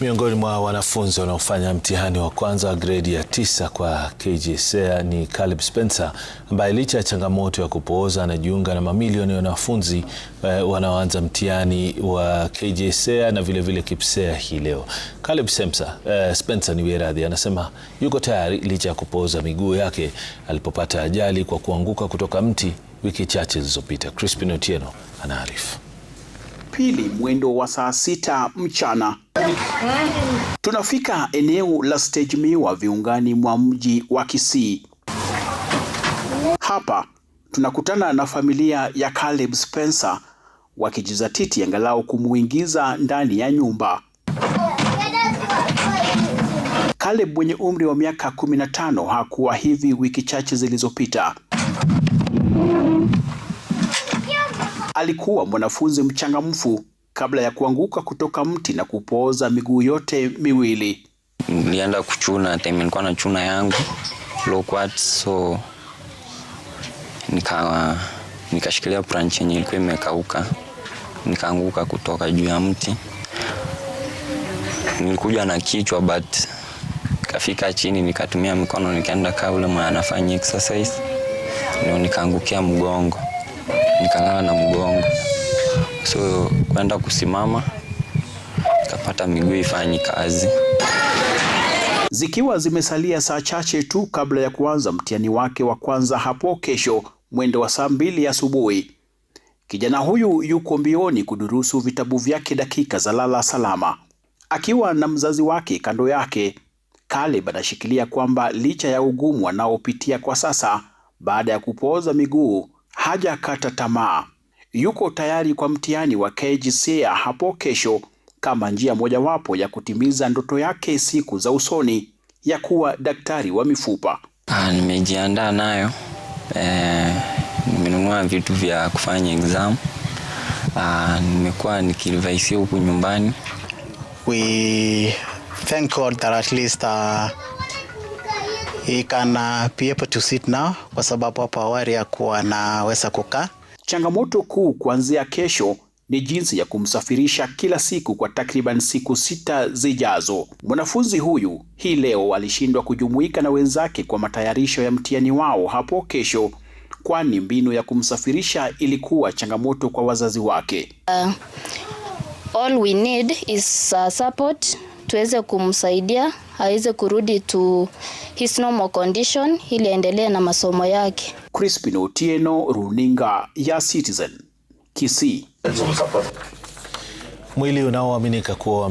Miongoni mwa wanafunzi wanaofanya mtihani wa kwanza wa gredi ya tisa kwa KJSEA ni Caleb Spencer ambaye licha ya changamoto ya kupooza anajiunga na mamilioni ya wanafunzi eh, wanaoanza mtihani wa KJSEA na vilevile vile hii leo. Caleb Spencer, eh, Spencer ni weradhi anasema yuko tayari licha ya kupooza miguu yake alipopata ajali kwa kuanguka kutoka mti wiki chache zilizopita. Crispin Otieno anaarifu. Jumapili mwendo wa saa sita mchana tunafika eneo la stage miwa viungani mwa mji wa Kisii. Hapa tunakutana na familia ya Caleb Spencer wakijizatiti angalau kumuingiza ndani ya nyumba. Caleb mwenye umri wa miaka 15 hakuwa hivi wiki chache zilizopita. Alikuwa mwanafunzi mchangamfu kabla ya kuanguka kutoka mti na kupooza miguu yote miwili. Nilienda kuchuna time nilikuwa na chuna yangu low quad, so nikawa nikashikilia branch yenye ilikuwa imekauka, nikaanguka kutoka juu ya mti. Nilikuja na kichwa but nikafika chini, nikatumia mikono, nikaenda kaa ule mwana anafanya exercise, ndio nikaangukia mgongo nikang'aa na mgongo, so kwenda kusimama nikapata miguu ifanyi kazi. Zikiwa zimesalia saa chache tu kabla ya kuanza mtihani wake wa kwanza hapo kesho mwendo wa saa mbili asubuhi, kijana huyu yuko mbioni kudurusu vitabu vyake dakika za lala salama, akiwa na mzazi wake kando yake. Kaleb anashikilia kwamba licha ya ugumu anaopitia kwa sasa baada ya kupooza miguu, hajakata tamaa, yuko tayari kwa mtihani wa KCSE hapo kesho kama njia mojawapo ya kutimiza ndoto yake siku za usoni ya kuwa daktari wa mifupa. Ah, nimejiandaa nayo e, nimenunua vitu vya kufanya exam. Ah, nimekuwa nikirivaisia huku nyumbani. We thank God that at least uh he can be able to sit now, kwa sababu hapo awali hakuwa anaweza kukaa. Changamoto kuu kuanzia kesho ni jinsi ya kumsafirisha kila siku kwa takriban siku sita zijazo. Mwanafunzi huyu hii leo alishindwa kujumuika na wenzake kwa matayarisho ya mtihani wao hapo kesho, kwani mbinu ya kumsafirisha ilikuwa changamoto kwa wazazi wake. Uh, all we need is, uh, support tuweze kumsaidia aweze kurudi to his normal condition ili aendelee na masomo yake. Crispin Otieno, runinga ya Citizen, Kisii. Mwili unaoaminika kuwa